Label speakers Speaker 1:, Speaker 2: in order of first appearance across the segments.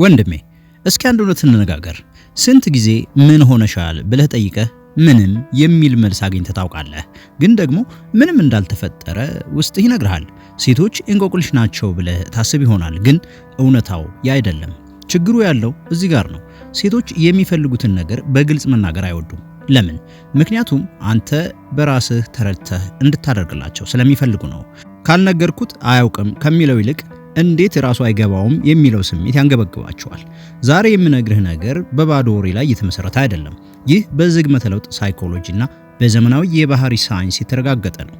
Speaker 1: ወንድሜ እስኪ አንድ እውነት እንነጋገር። ስንት ጊዜ ምን ሆነሻል ብለህ ጠይቀህ ምንም የሚል መልስ አግኝተህ ታውቃለህ? ግን ደግሞ ምንም እንዳልተፈጠረ ውስጥህ ይነግርሃል። ሴቶች እንቆቅልሽ ናቸው ብለህ ታስብ ይሆናል፣ ግን እውነታው ያ አይደለም። ችግሩ ያለው እዚህ ጋር ነው። ሴቶች የሚፈልጉትን ነገር በግልጽ መናገር አይወዱም። ለምን? ምክንያቱም አንተ በራስህ ተረድተህ እንድታደርግላቸው ስለሚፈልጉ ነው። ካልነገርኩት አያውቅም ከሚለው ይልቅ እንዴት ራሱ አይገባውም የሚለው ስሜት ያንገበግባቸዋል። ዛሬ የምነግርህ ነገር በባዶ ወሬ ላይ እየተመሰረተ አይደለም። ይህ በዝግመተ ለውጥ ሳይኮሎጂና በዘመናዊ የባህሪ ሳይንስ የተረጋገጠ ነው።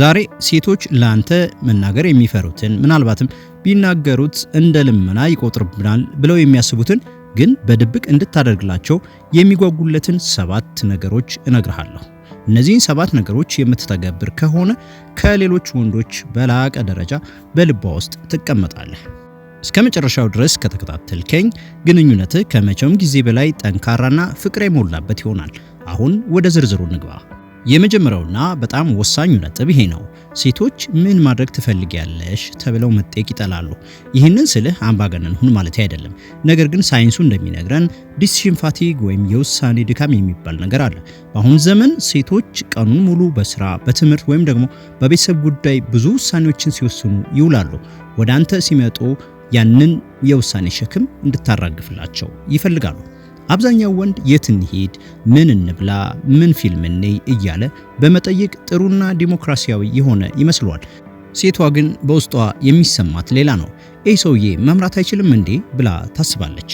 Speaker 1: ዛሬ ሴቶች ላንተ መናገር የሚፈሩትን ምናልባትም ቢናገሩት እንደ ልመና ይቆጥርብናል ብለው የሚያስቡትን ግን በድብቅ እንድታደርግላቸው የሚጓጉለትን ሰባት ነገሮች እነግርሃለሁ። እነዚህን ሰባት ነገሮች የምትተገብር ከሆነ ከሌሎች ወንዶች በላቀ ደረጃ በልቧ ውስጥ ትቀመጣለህ። እስከ መጨረሻው ድረስ ከተከታተልከኝ ግንኙነትህ ከመቼውም ጊዜ በላይ ጠንካራና ፍቅር የሞላበት ይሆናል። አሁን ወደ ዝርዝሩ እንግባ። የመጀመሪያውና በጣም ወሳኙ ነጥብ ይሄ ነው። ሴቶች ምን ማድረግ ትፈልጊያለሽ ተብለው መጠየቅ ይጠላሉ። ይህንን ስልህ አምባገነን ሁን ማለት አይደለም። ነገር ግን ሳይንሱ እንደሚነግረን ዲሲሽን ፋቲግ ወይም የውሳኔ ድካም የሚባል ነገር አለ። በአሁኑ ዘመን ሴቶች ቀኑን ሙሉ በስራ በትምህርት ወይም ደግሞ በቤተሰብ ጉዳይ ብዙ ውሳኔዎችን ሲወስኑ ይውላሉ። ወደ አንተ ሲመጡ ያንን የውሳኔ ሸክም እንድታራግፍላቸው ይፈልጋሉ። አብዛኛው ወንድ የት እንሂድ፣ ምን እንብላ፣ ምን ፊልም እንይ እያለ በመጠየቅ ጥሩና ዲሞክራሲያዊ የሆነ ይመስሏል። ሴቷ ግን በውስጧ የሚሰማት ሌላ ነው። ይህ ሰውዬ መምራት አይችልም እንዴ ብላ ታስባለች።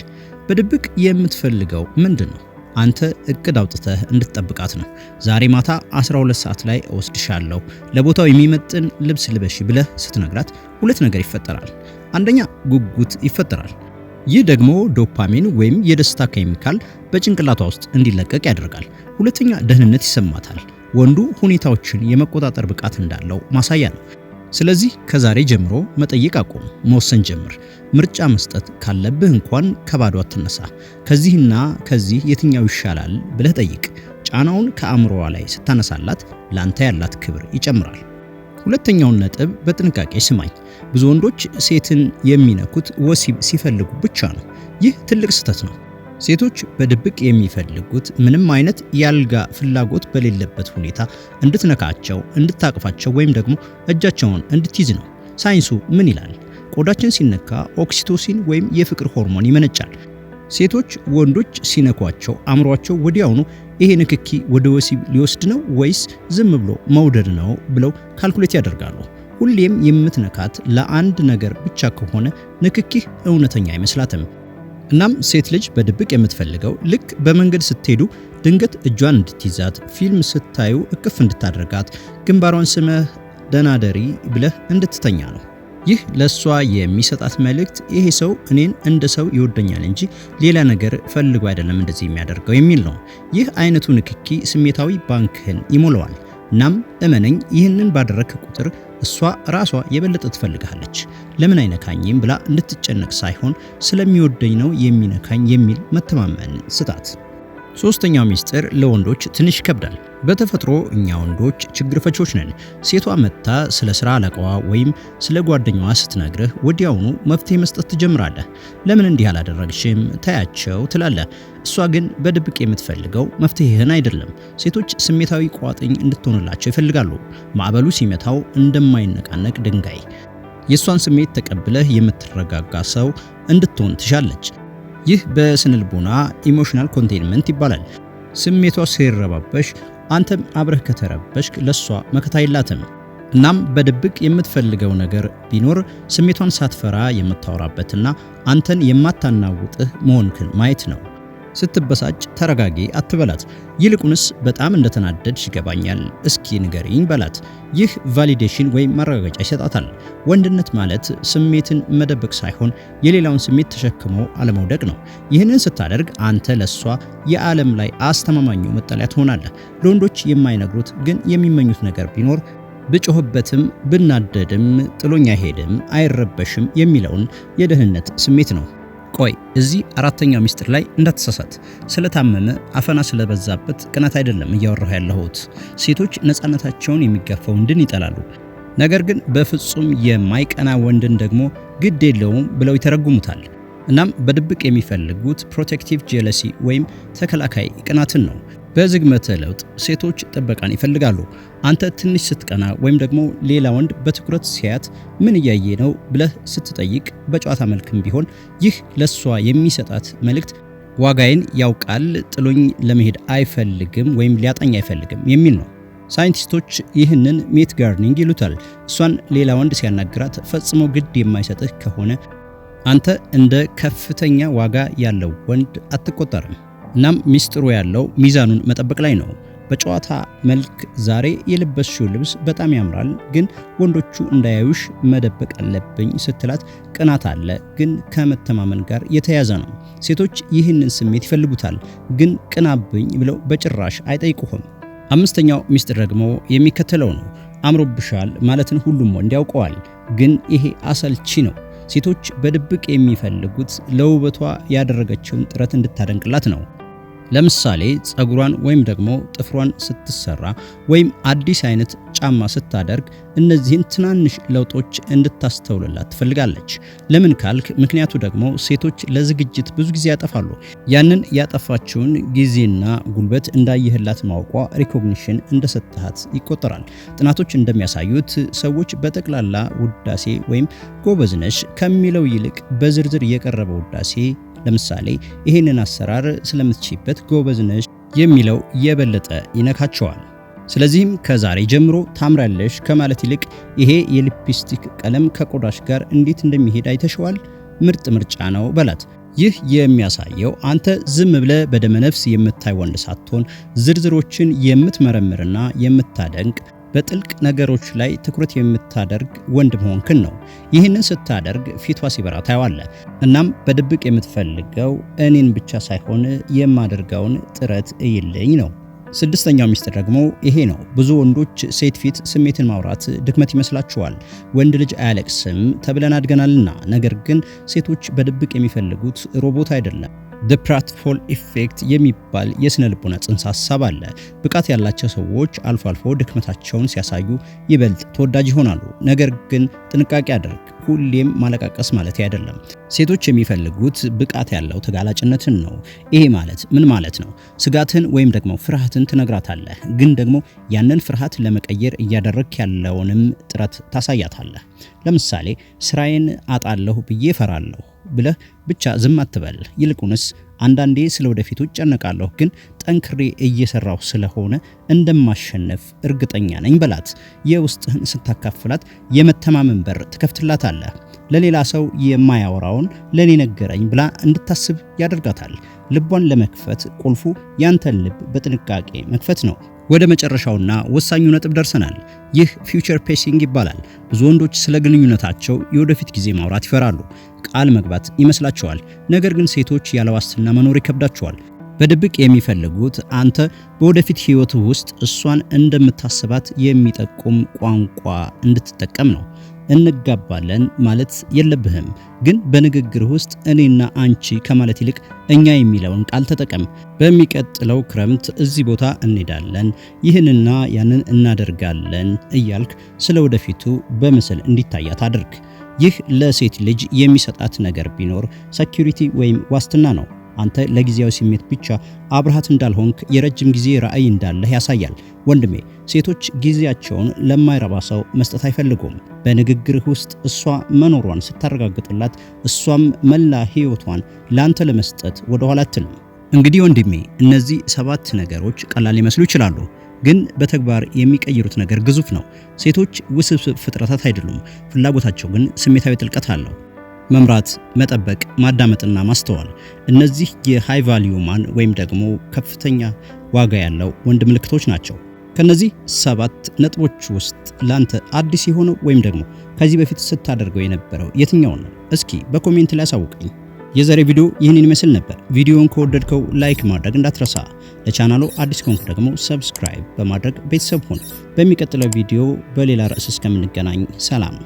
Speaker 1: በድብቅ የምትፈልገው ምንድን ነው? አንተ እቅድ አውጥተህ እንድትጠብቃት ነው። ዛሬ ማታ 12 ሰዓት ላይ እወስድሻለሁ፣ ለቦታው የሚመጥን ልብስ ልበሽ ብለህ ስትነግራት ሁለት ነገር ይፈጠራል። አንደኛ ጉጉት ይፈጠራል። ይህ ደግሞ ዶፓሚን ወይም የደስታ ኬሚካል በጭንቅላቷ ውስጥ እንዲለቀቅ ያደርጋል። ሁለተኛ ደህንነት ይሰማታል። ወንዱ ሁኔታዎችን የመቆጣጠር ብቃት እንዳለው ማሳያ ነው። ስለዚህ ከዛሬ ጀምሮ መጠየቅ አቁም፣ መወሰን ጀምር። ምርጫ መስጠት ካለብህ እንኳን ከባዶ አትነሳ። ከዚህና ከዚህ የትኛው ይሻላል ብለህ ጠይቅ። ጫናውን ከአእምሮዋ ላይ ስታነሳላት ላንተ ያላት ክብር ይጨምራል። ሁለተኛውን ነጥብ በጥንቃቄ ስማኝ። ብዙ ወንዶች ሴትን የሚነኩት ወሲብ ሲፈልጉ ብቻ ነው። ይህ ትልቅ ስህተት ነው። ሴቶች በድብቅ የሚፈልጉት ምንም አይነት የአልጋ ፍላጎት በሌለበት ሁኔታ እንድትነካቸው፣ እንድታቅፋቸው ወይም ደግሞ እጃቸውን እንድትይዝ ነው። ሳይንሱ ምን ይላል? ቆዳችን ሲነካ ኦክሲቶሲን ወይም የፍቅር ሆርሞን ይመነጫል። ሴቶች ወንዶች ሲነኳቸው አእምሯቸው ወዲያውኑ ይሄ ንክኪ ወደ ወሲብ ሊወስድ ነው ወይስ ዝም ብሎ መውደድ ነው ብለው ካልኩሌት ያደርጋሉ። ሁሌም የምትነካት ለአንድ ነገር ብቻ ከሆነ ንክኪህ እውነተኛ አይመስላትም። እናም ሴት ልጅ በድብቅ የምትፈልገው ልክ በመንገድ ስትሄዱ ድንገት እጇን እንድትይዛት፣ ፊልም ስታዩ እቅፍ እንድታደርጋት፣ ግንባሯን ስመህ ደናደሪ ብለህ እንድትተኛ ነው። ይህ ለእሷ የሚሰጣት መልእክት ይሄ ሰው እኔን እንደ ሰው ይወደኛል እንጂ ሌላ ነገር ፈልጎ አይደለም እንደዚህ የሚያደርገው የሚል ነው። ይህ አይነቱ ንክኪ ስሜታዊ ባንክህን ይሞላዋል። እናም እመነኝ፣ ይህንን ባደረክ ቁጥር እሷ ራሷ የበለጠ ትፈልግሃለች። ለምን አይነካኝም ብላ እንድትጨነቅ ሳይሆን ስለሚወደኝ ነው የሚነካኝ የሚል መተማመን ስጣት። ሶስተኛው ሚስጥር ለወንዶች ትንሽ ይከብዳል። በተፈጥሮ እኛ ወንዶች ችግር ፈቾች ነን። ሴቷ መጥታ ስለ ስራ አለቃዋ ወይም ስለ ጓደኛዋ ስትነግርህ ወዲያውኑ መፍትሄ መስጠት ትጀምራለህ። ለምን እንዲህ አላደረግሽም? ታያቸው ትላለህ። እሷ ግን በድብቅ የምትፈልገው መፍትሄህን አይደለም። ሴቶች ስሜታዊ ቋጥኝ እንድትሆንላቸው ይፈልጋሉ። ማዕበሉ ሲመታው እንደማይነቃነቅ ድንጋይ የእሷን ስሜት ተቀብለህ የምትረጋጋ ሰው እንድትሆን ትሻለች። ይህ በስነልቦና ኢሞሽናል ኮንቴንመንት ይባላል። ስሜቷ ሲረባበሽ አንተም አብረህ ከተረበሽክ ለሷ መከታ የላትም። እናም በድብቅ የምትፈልገው ነገር ቢኖር ስሜቷን ሳትፈራ የምታወራበትና አንተን የማታናውጥህ መሆንክን ማየት ነው። ስትበሳጭ ተረጋጊ አትበላት። ይልቁንስ በጣም እንደተናደድሽ ይገባኛል፣ እስኪ ንገሪኝ በላት። ይህ ቫሊዴሽን ወይም ማረጋገጫ ይሰጣታል። ወንድነት ማለት ስሜትን መደበቅ ሳይሆን የሌላውን ስሜት ተሸክሞ አለመውደቅ ነው። ይህንን ስታደርግ አንተ ለሷ የዓለም ላይ አስተማማኙ መጠለያ ትሆናለህ። ለወንዶች የማይነግሩት ግን የሚመኙት ነገር ቢኖር ብጮህበትም ብናደድም ጥሎኛ አይሄድም አይረበሽም የሚለውን የደህንነት ስሜት ነው። ቆይ እዚህ አራተኛው ሚስጥር ላይ እንዳትሳሳት። ስለታመመ አፈና ስለበዛበት ቅናት አይደለም እያወራሁ ያለሁት። ሴቶች ነፃነታቸውን የሚጋፋ ወንድን ይጠላሉ። ነገር ግን በፍጹም የማይቀና ወንድን ደግሞ ግድ የለውም ብለው ይተረጉሙታል። እናም በድብቅ የሚፈልጉት ፕሮቴክቲቭ ጄለሲ ወይም ተከላካይ ቅናትን ነው። በዝግመተ ለውጥ ሴቶች ጥበቃን ይፈልጋሉ። አንተ ትንሽ ስትቀና ወይም ደግሞ ሌላ ወንድ በትኩረት ሲያያት ምን እያየ ነው ብለህ ስትጠይቅ በጨዋታ መልክም ቢሆን ይህ ለሷ የሚሰጣት መልእክት ዋጋዬን ያውቃል፣ ጥሎኝ ለመሄድ አይፈልግም ወይም ሊያጣኝ አይፈልግም የሚል ነው። ሳይንቲስቶች ይህንን ሜት ጋርኒንግ ይሉታል። እሷን ሌላ ወንድ ሲያናግራት ፈጽሞ ግድ የማይሰጥህ ከሆነ አንተ እንደ ከፍተኛ ዋጋ ያለው ወንድ አትቆጠርም። እናም ሚስጥሩ ያለው ሚዛኑን መጠበቅ ላይ ነው። በጨዋታ መልክ ዛሬ የለበስሽው ልብስ በጣም ያምራል፣ ግን ወንዶቹ እንዳያዩሽ መደበቅ አለብኝ ስትላት ቅናት አለ፣ ግን ከመተማመን ጋር የተያዘ ነው። ሴቶች ይህንን ስሜት ይፈልጉታል፣ ግን ቅናብኝ ብለው በጭራሽ አይጠይቁህም። አምስተኛው ሚስጥር ደግሞ የሚከተለው ነው። አምሮብሻል ማለትን ሁሉም ወንድ ያውቀዋል፣ ግን ይሄ አሰልቺ ነው። ሴቶች በድብቅ የሚፈልጉት ለውበቷ ያደረገችውን ጥረት እንድታደንቅላት ነው። ለምሳሌ ፀጉሯን ወይም ደግሞ ጥፍሯን ስትሰራ ወይም አዲስ አይነት ጫማ ስታደርግ እነዚህን ትናንሽ ለውጦች እንድታስተውልላት ትፈልጋለች። ለምን ካልክ ምክንያቱ ደግሞ ሴቶች ለዝግጅት ብዙ ጊዜ ያጠፋሉ። ያንን ያጠፋችውን ጊዜና ጉልበት እንዳየህላት ማውቋ ሪኮግኒሽን እንደሰጠሃት ይቆጠራል። ጥናቶች እንደሚያሳዩት ሰዎች በጠቅላላ ውዳሴ ወይም ጎበዝነሽ ከሚለው ይልቅ በዝርዝር የቀረበ ውዳሴ ለምሳሌ ይህንን አሰራር ስለምትችይበት ጎበዝ ነሽ የሚለው የበለጠ ይነካቸዋል። ስለዚህም ከዛሬ ጀምሮ ታምራለሽ ከማለት ይልቅ ይሄ የሊፕስቲክ ቀለም ከቆዳሽ ጋር እንዴት እንደሚሄድ አይተሸዋል፣ ምርጥ ምርጫ ነው በላት። ይህ የሚያሳየው አንተ ዝም ብለ በደመነፍስ የምታይ ወንድ ሳትሆን ዝርዝሮችን የምትመረምርና የምታደንቅ በጥልቅ ነገሮች ላይ ትኩረት የምታደርግ ወንድ መሆንክን ነው። ይህንን ስታደርግ ፊቷ ሲበራ ታየዋለህ። እናም በድብቅ የምትፈልገው እኔን ብቻ ሳይሆን የማደርገውን ጥረት እይልኝ ነው። ስድስተኛው ሚስጥር ደግሞ ይሄ ነው። ብዙ ወንዶች ሴት ፊት ስሜትን ማውራት ድክመት ይመስላቸዋል። ወንድ ልጅ አያለቅስም ተብለን አድገናልና። ነገር ግን ሴቶች በድብቅ የሚፈልጉት ሮቦት አይደለም። ዘ ፕራትፎል ኢፌክት የሚባል የስነ ልቦና ጽንሰ ሀሳብ አለ። ብቃት ያላቸው ሰዎች አልፎ አልፎ ድክመታቸውን ሲያሳዩ ይበልጥ ተወዳጅ ይሆናሉ። ነገር ግን ጥንቃቄ አድርግ። ሁሌም ማለቃቀስ ማለት አይደለም። ሴቶች የሚፈልጉት ብቃት ያለው ተጋላጭነትን ነው። ይሄ ማለት ምን ማለት ነው? ስጋትን ወይም ደግሞ ፍርሃትን ትነግራታለህ፣ ግን ደግሞ ያንን ፍርሃት ለመቀየር እያደረግክ ያለውንም ጥረት ታሳያታለህ። ለምሳሌ ስራዬን አጣለሁ ብዬ እፈራለሁ ብለህ ብቻ ዝም አትበል። ይልቁንስ አንዳንዴ ስለ ወደፊቱ እጨነቃለሁ፣ ግን ጠንክሬ እየሰራሁ ስለሆነ እንደማሸነፍ እርግጠኛ ነኝ በላት። የውስጥህን ስታካፍላት የመተማመን በር ትከፍትላታለህ። ለሌላ ሰው የማያወራውን ለኔ ነገረኝ ብላ እንድታስብ ያደርጋታል። ልቧን ለመክፈት ቁልፉ ያንተን ልብ በጥንቃቄ መክፈት ነው። ወደ መጨረሻውና ወሳኙ ነጥብ ደርሰናል። ይህ ፊውቸር ፔሲንግ ይባላል። ብዙ ወንዶች ስለ ግንኙነታቸው የወደፊት ጊዜ ማውራት ይፈራሉ፣ ቃል መግባት ይመስላቸዋል። ነገር ግን ሴቶች ያለ ዋስትና መኖር ይከብዳቸዋል። በድብቅ የሚፈልጉት አንተ በወደፊት ህይወት ውስጥ እሷን እንደምታስባት የሚጠቁም ቋንቋ እንድትጠቀም ነው። እንጋባለን ማለት የለብህም። ግን በንግግርህ ውስጥ እኔና አንቺ ከማለት ይልቅ እኛ የሚለውን ቃል ተጠቀም። በሚቀጥለው ክረምት እዚህ ቦታ እንሄዳለን፣ ይህንና ያንን እናደርጋለን እያልክ ስለ ወደፊቱ በምስል እንዲታያት አድርግ። ይህ ለሴት ልጅ የሚሰጣት ነገር ቢኖር ሰኪሪቲ ወይም ዋስትና ነው። አንተ ለጊዜያዊ ስሜት ብቻ አብርሃት እንዳልሆንክ የረጅም ጊዜ ራዕይ እንዳለህ ያሳያል። ወንድሜ ሴቶች ጊዜያቸውን ለማይረባ ሰው መስጠት አይፈልጉም። በንግግርህ ውስጥ እሷ መኖሯን ስታረጋግጥላት፣ እሷም መላ ሕይወቷን ለአንተ ለመስጠት ወደ ኋላ አትልም። እንግዲህ ወንድሜ እነዚህ ሰባት ነገሮች ቀላል ሊመስሉ ይችላሉ ግን በተግባር የሚቀይሩት ነገር ግዙፍ ነው። ሴቶች ውስብስብ ፍጥረታት አይደሉም። ፍላጎታቸው ግን ስሜታዊ ጥልቀት አለው። መምራት፣ መጠበቅ፣ ማዳመጥና ማስተዋል። እነዚህ የሃይ ቫልዩ ማን ወይም ደግሞ ከፍተኛ ዋጋ ያለው ወንድ ምልክቶች ናቸው። ከነዚህ ሰባት ነጥቦች ውስጥ ላንተ አዲስ የሆነው ወይም ደግሞ ከዚህ በፊት ስታደርገው የነበረው የትኛው ነው? እስኪ በኮሜንት ላይ አሳውቀኝ።
Speaker 2: የዛሬ ቪዲዮ ይህንን ይመስል ነበር። ቪዲዮውን ከወደድከው ላይክ ማድረግ እንዳትረሳ። ለቻናሉ አዲስ ከሆንክ ደግሞ ሰብስክራይብ በማድረግ ቤተሰብ ሁን። በሚቀጥለው ቪዲዮ በሌላ ርዕስ እስከምንገናኝ ሰላም።